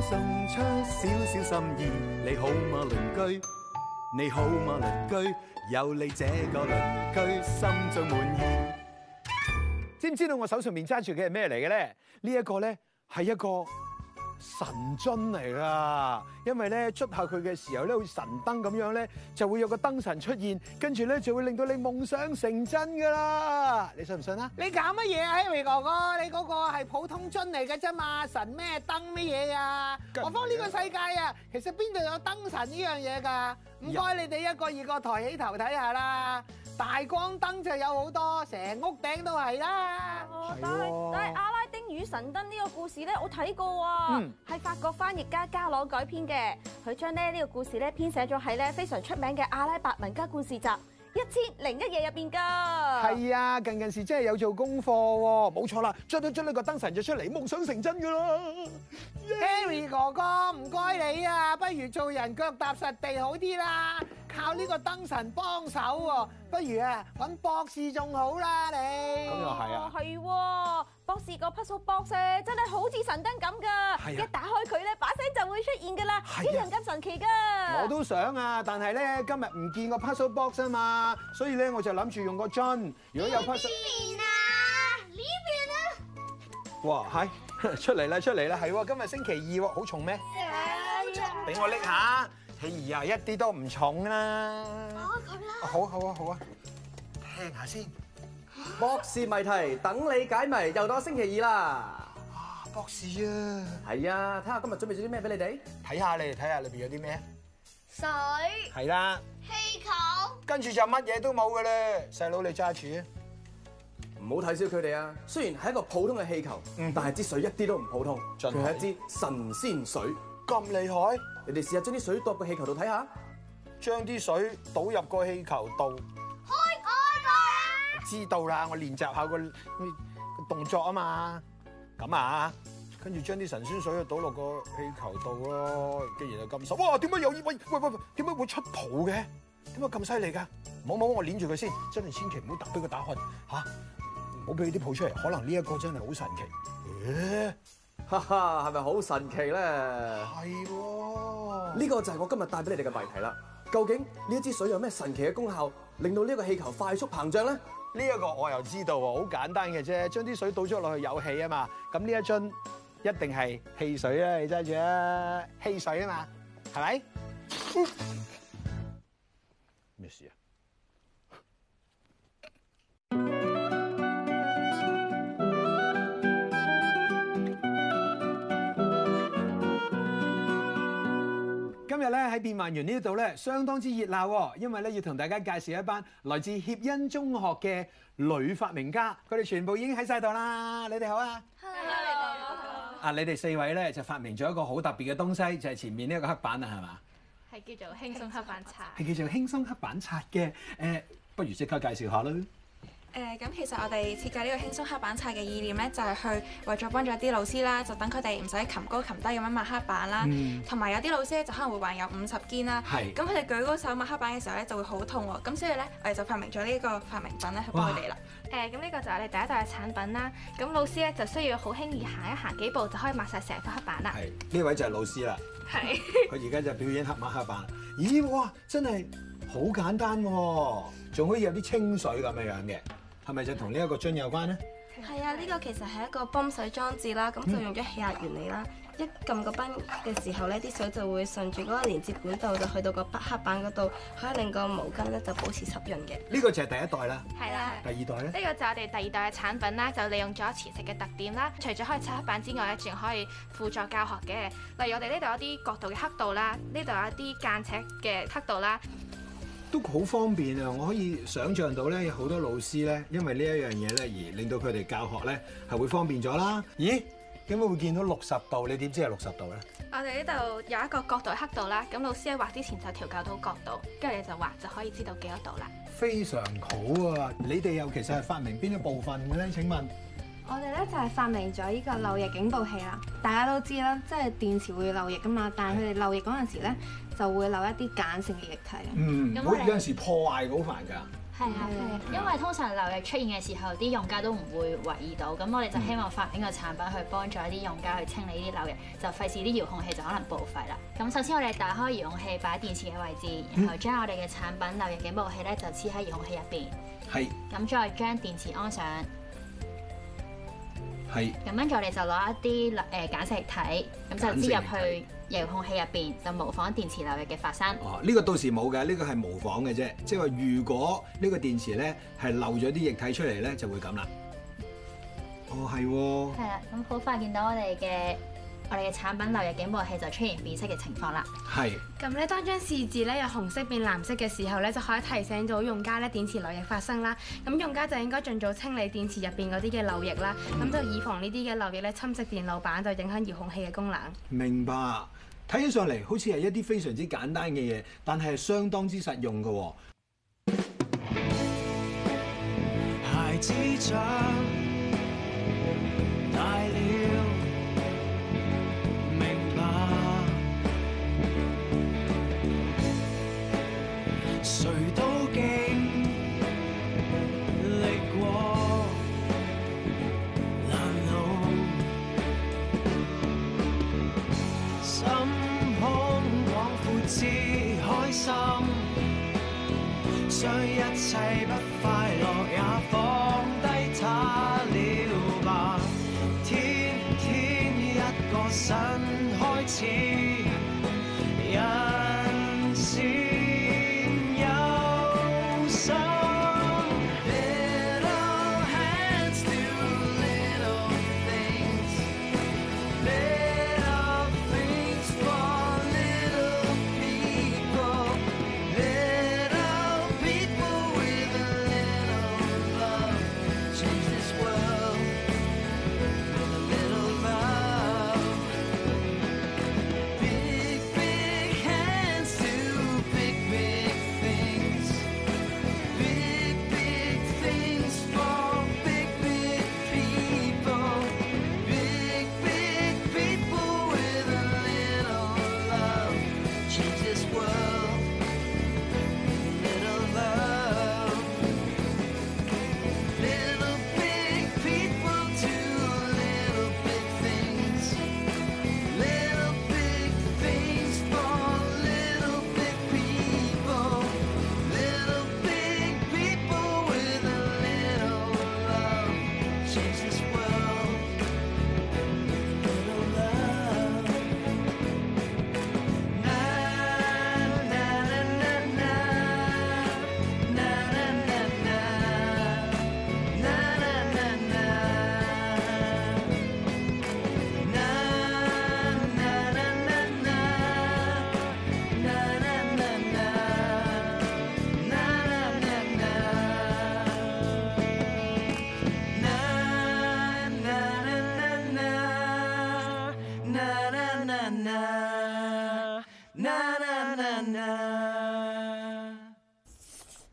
送出少少心意，你好嗎，鄰居？你好嗎，鄰居？有你這個鄰居，心中滿意。知唔知道我手上面揸住嘅係咩嚟嘅咧？呢一個咧係一個。神樽嚟噶，因為咧捽下佢嘅時候咧，好似神燈咁樣咧，就會有個燈神出現，跟住咧就會令到你夢想成真噶啦！你信唔信啊？你搞乜嘢啊 Harry 哥哥？你嗰個係普通樽嚟嘅啫嘛，神咩燈乜嘢啊？我方呢個世界啊，其實邊度有燈神呢樣嘢㗎？唔該，你哋一個二個抬起頭睇下啦，大光燈就有好多，成屋頂都係啦、哦。但係哦、但《阿拉丁與神燈》呢個故事咧，我睇過喎，係、嗯、法國翻譯家加朗改編嘅，佢將咧呢個故事咧編寫咗喺咧非常出名嘅阿拉伯民間故事集。一千零一夜入邊噶，係啊！近近時真係有做功課、啊，冇錯啦，將到將呢個燈神就出嚟，夢想成真噶啦、yeah. Harry 哥哥，唔該你啊，不如做人腳踏實地好啲啦。靠呢個燈神幫手喎、嗯，不如啊搵博士仲好啦，你咁又係啊，博士個 Puzzle Box 真係好似神燈咁噶，一、啊、打開佢咧，把聲就會出現噶啦，一樣咁神奇噶。我都想啊，但係咧今日唔見個 Puzzle Box 啊嘛，所以咧我就諗住用個樽。邊邊啊？呢邊啊？哇，係出嚟啦，出嚟啦，係喎、啊，今日星期二喎，好重咩？俾、啊啊啊、我拎下。氣兒啊，一啲都唔重啦！好啊，咁啦。好啊，好啊，聽下先。博士謎題等你解謎，又到星期二啦。啊，博士啊！係啊，睇下今日準備咗啲咩俾你哋。睇下你哋，睇下裏邊有啲咩。水。係啦。氣球。跟住就乜嘢都冇嘅咧。細佬你揸住，唔好睇小佢哋啊。雖然係一個普通嘅氣球，但係支水一啲都唔普通，佢係一支神仙水，咁厲害。你哋試下將啲水倒個氣球度睇下，將啲水倒入個氣球度。開知道啦，我練習下個個動作啊嘛。咁啊，跟住將啲神仙水倒落個氣球度咯。竟然就咁手哇！點解有依喂喂喂，點解會出泡嘅？點解咁犀利㗎？冇好，我捏住佢先。真係千祈唔好揼俾佢打開吓，唔好俾佢啲泡出嚟。可能呢一個真係好神奇。欸哈哈，係咪好神奇咧？係喎、哦，呢、呢個就係我今日帶俾你哋嘅謎題啦。究竟呢一支水有咩神奇嘅功效，令到呢個氣球快速膨脹咧？呢、這、一個我又知道喎，好簡單嘅啫，將啲水倒咗落去有氣啊嘛。咁呢一樽一定係汽水啊，你揸住啦，汽水啊嘛，係咪？嗯咧喺變幻園呢度咧，相當之熱鬧喎，因為咧要同大家介紹一班來自協恩中學嘅女發明家，佢哋全部已經喺晒度啦。你哋好啊！Hello！你好啊，Hello. Hello. 你哋四位咧就發明咗一個好特別嘅東西，就係、是、前面呢個黑板啊，係嘛？係叫做輕鬆黑板擦。係叫做輕鬆黑板擦嘅，誒，不如即刻介紹下啦。誒，咁其實我哋設計呢個輕鬆黑板擦嘅意念咧，就係去為咗幫助啲老師啦，就等佢哋唔使擒高擒低咁樣抹黑板啦，同、嗯、埋有啲老師咧就可能會患有五十肩啦，咁佢哋舉高手抹黑板嘅時候咧就會好痛喎，咁所以咧我哋就發明咗呢個發明品咧去幫佢哋啦。誒，咁呢個就係我哋第一代嘅產品啦。咁老師咧就需要好輕易行一行幾步就可以抹晒成幅黑板啦。係，呢位就係老師啦。係。佢而家就表演黑抹黑板咦，哇，真係～好簡單喎，仲可以有啲清水咁樣樣嘅，係咪就同呢一個樽有關呢？係啊，呢個其實係一個泵水裝置啦，咁就用咗氣壓原理啦。嗯、一撳個泵嘅時候呢，啲水就會順住嗰個連接管道就去到個白黑板嗰度，可以令個毛巾咧就保持濕潤嘅。呢個就係第一代啦，係啦，第二代咧？呢個就係我哋第二代嘅產品啦，就利用咗磁石嘅特點啦，除咗可以擦黑板之外，咧仲可以輔助教學嘅。例如我哋呢度有啲角度嘅刻度啦，呢度有一啲間尺嘅刻度啦。都好方便啊！我可以想象到咧，有好多老師咧，因為呢一樣嘢咧，而令到佢哋教學咧係會方便咗啦。咦，點解會見到六十度？你點知係六十度咧？我哋呢度有一個角度刻度啦，咁老師喺畫之前就調校到角度，跟住你就畫就可以知道幾多度啦。非常好啊！你哋又其實係發明邊一部分嘅咧？請問？我哋咧就係發明咗呢個漏液警報器啦。大家都知啦，即係電池會漏液噶嘛。但係佢哋漏液嗰陣時咧，就會漏一啲鹼性嘅液體。嗯，咁有陣時破壞好煩噶。係啊，因為通常漏液出現嘅時候，啲用家都唔會懷疑到。咁我哋就希望發明個產品去幫助一啲用家去清理啲漏液，就費事啲遙控器就可能報廢啦。咁首先我哋打開遙控器，擺喺電池嘅位置，然後將我哋嘅產品漏液警報器咧就黐喺遙控器入邊。係。咁再將電池安上。咁跟住我哋就攞一啲誒鹼性液體，咁就輸入去遙控器入面，就模仿電池漏液嘅發生。哦，呢、這個到時冇嘅，呢、這個係模仿嘅啫。即係如果呢個電池咧係漏咗啲液體出嚟咧，就會咁啦。哦，係、哦。係啦，咁好快見到我哋嘅。我哋嘅產品漏液警報器就出現變色嘅情況啦。係。咁咧，當張試紙咧由紅色變藍色嘅時候咧，就可以提醒到用家咧電池漏液發生啦。咁用家就應該盡早清理電池入邊嗰啲嘅漏液啦。咁就以防呢啲嘅漏液咧侵蝕電路板，就影響遙控器嘅功能。明白。睇起上嚟好似係一啲非常之簡單嘅嘢，但係係相當之實用㗎喎。差了吧，天天一個新開始。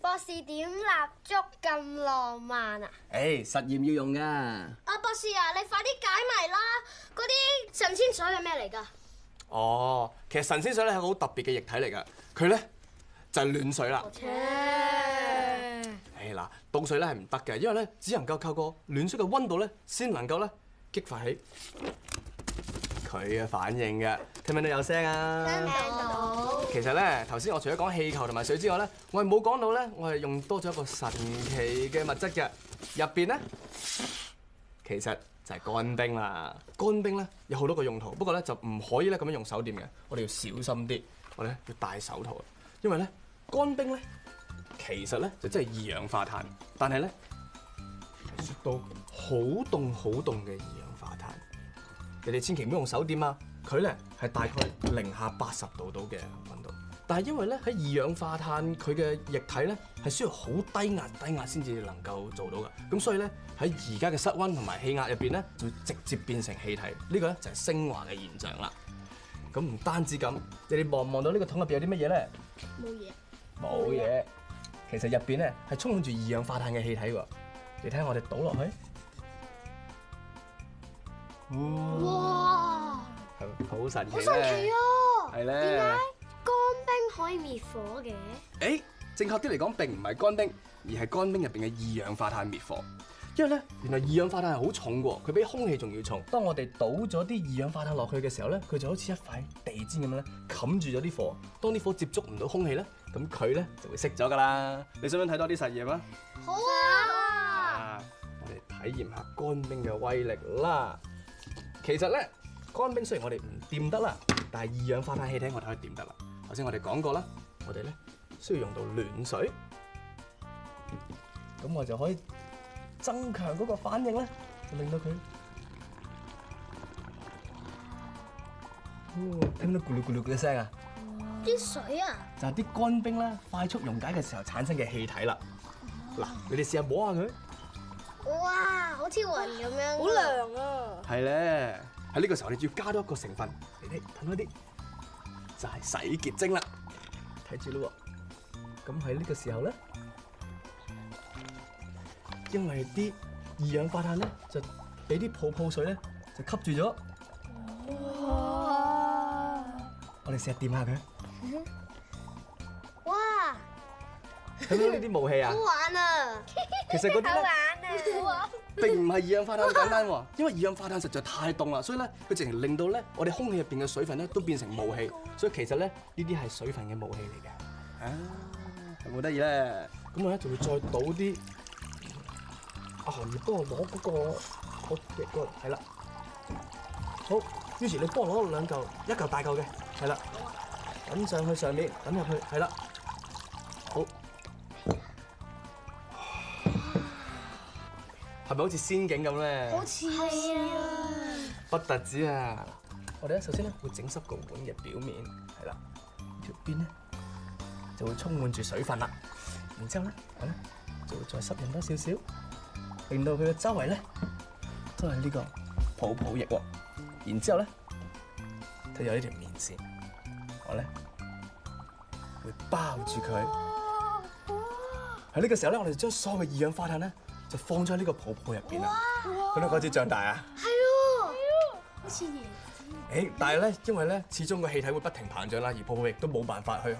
博士點蠟燭咁浪漫啊！誒，實驗要用噶。阿博士啊，你快啲解埋啦！嗰啲神仙水係咩嚟噶？哦，其實神仙水咧係好特別嘅液體嚟噶，佢咧就係暖水啦。切！誒嗱，凍水咧係唔得嘅，因為咧只能夠靠個暖水嘅溫度咧先能夠咧激發起佢嘅反應嘅。聽唔聽到有聲啊？聽唔聽到？其實咧，頭先我除咗講氣球同埋水之外咧，我係冇講到咧，我係用多咗一個神奇嘅物質嘅，入邊咧其實就係乾冰啦。乾冰咧有好多個用途，不過咧就唔可以咧咁樣用手掂嘅，我哋要小心啲，我哋要戴手套，因為咧乾冰咧其實咧就真係二氧化碳，但係咧説到好凍好凍嘅二氧化碳，你哋千祈唔好用手掂啊！佢咧係大概零下八十度度嘅溫度，但係因為咧喺二氧化碳佢嘅液體咧係需要好低壓低壓先至能夠做到嘅，咁所以咧喺而家嘅室溫同埋氣壓入邊咧就會直接變成氣體，這個、呢個咧就係、是、升華嘅現象啦。咁唔單止咁，你哋望唔望到呢個桶入邊有啲乜嘢咧？冇嘢，冇嘢。其實入邊咧係充滿住二氧化碳嘅氣體喎。你睇下我哋倒落去。好神奇啊！係咧、哦，點解乾冰可以滅火嘅？誒，正確啲嚟講，並唔係乾冰，而係乾冰入邊嘅二氧化碳滅火。因為咧，原來二氧化碳係好重嘅，佢比空氣仲要重。當我哋倒咗啲二氧化碳落去嘅時候咧，佢就好似一塊地氈咁樣咧，冚住咗啲火。當啲火接觸唔到空氣咧，咁佢咧就會熄咗噶啦。你想唔想睇多啲實驗啊？好啊！啊我哋體驗下乾冰嘅威力啦。其實咧。乾冰雖然我哋唔掂得啦，但係二氧化碳氣體我哋可以掂得啦。頭先我哋講過啦，我哋咧需要用到暖水，咁、嗯、我就可以增強嗰個反應就令到佢。嗯、哦，聽到咕嚕咕嚕嘅聲啊！啲水啊，就係啲乾冰咧快速溶解嘅時候產生嘅氣體啦。嗱、嗯，你哋試下摸下佢。哇，好似雲咁樣，啊，好涼啊！係咧。喺呢個時候，你要加多一個成分，你睇噴多啲，就係洗潔精啦。睇住咯喎，咁喺呢個時候咧，因為啲二氧化碳咧，就俾啲泡泡水咧，就吸住咗。我哋試下掂下佢。哇！睇到呢啲武器啊？好玩啊！其實嗰啲咧，好玩啊！ 並唔係二氧化碳簡單喎，因為二氧化碳實在太凍啦，所以咧佢直情令到咧我哋空氣入邊嘅水分咧都變成霧氣，所以其實咧呢啲係水分嘅霧氣嚟嘅。啊，有冇得意咧？咁我咧就會再倒啲。阿何業幫我攞嗰、嗰個，好、嗰個，接過嚟，係啦。好，於是你幫我攞兩嚿，一嚿大嚿嘅，係啦，揼上去上面，揼入去，係啦。是是好似仙境咁咧，係啊！不特止啊，啊、我哋咧首先咧會整濕個碗嘅表面，係啦，條邊咧就會充滿住水分啦。然之後咧，我咧就會再濕潤多少少，令到佢嘅周圍咧都係呢個泡泡液。然之後咧，睇住呢條棉線，我咧會包住佢。喺呢個時候咧，我哋將所有嘅二氧化碳咧。就放咗喺呢個泡泡入邊啊！佢都開始脹大啊！係哦，哦，好似鹽、欸、鹽。但係咧，因為咧，始終個氣體會不停膨脹啦，而泡泡亦都冇辦法去，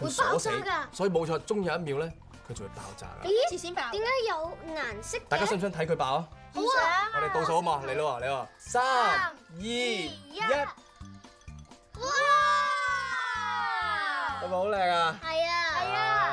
去鎖死，會所以冇錯，終有一秒咧，佢就會爆炸㗎。點、欸、解有顏色？大家想唔想睇佢爆？好想啊！我哋倒數好嘛？嚟咯、啊，你話三二一，哇！係咪好靚啊？係啊，係啊！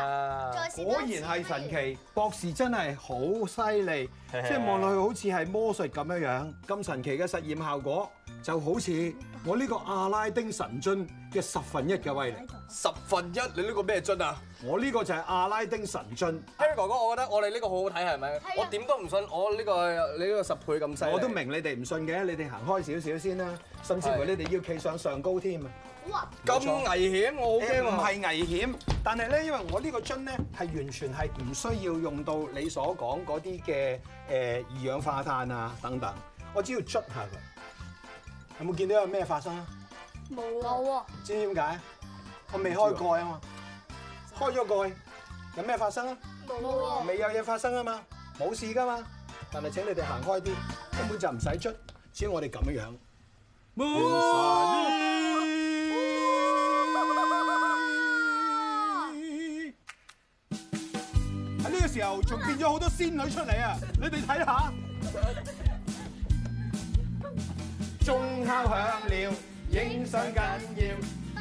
果然係神奇，博士真係好犀利，即係望落去好似係魔術咁樣樣，咁神奇嘅實驗效果，就好似我呢個阿拉丁神樽嘅十分一嘅威力。十分一，你呢個咩樽啊？我呢個就係阿拉丁神樽。Harry 哥哥，我覺得我哋呢個好好睇，係咪？是我點都唔信我、呢個，我呢個，你呢個十倍咁細。我都明你哋唔信嘅，你哋行開少少先啦，甚至乎你哋要企上上高添。哇，咁危險？我驚。唔係危險，但係咧，因為我這個呢個樽咧係完全係唔需要用到你所講嗰啲嘅誒二氧化碳啊等等，我只要捽下佢，有冇見到有咩發生什麼啊？冇啊！知唔知點解？我未開蓋啊嘛，開咗蓋有咩發生啊？冇啊！未有嘢發生啊嘛，冇事噶嘛，但係請你哋行開啲，根本就唔使捽，只要我哋咁樣樣。仲變咗好多仙女出嚟啊！你哋睇下，鐘敲響了，影相緊要，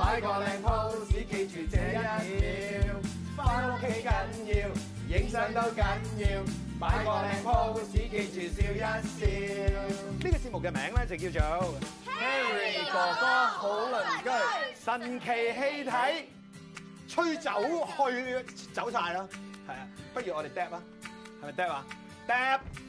擺個靚 pose，記住這一秒，返屋企緊要，影相都緊要，擺個靚 pose，只記住笑一笑。呢個節目嘅名咧就叫做 Harry 哥哥好鄰居，神奇氣體吹走去走曬啦。不如我哋嗒啦，係咪嗒啊？嗒！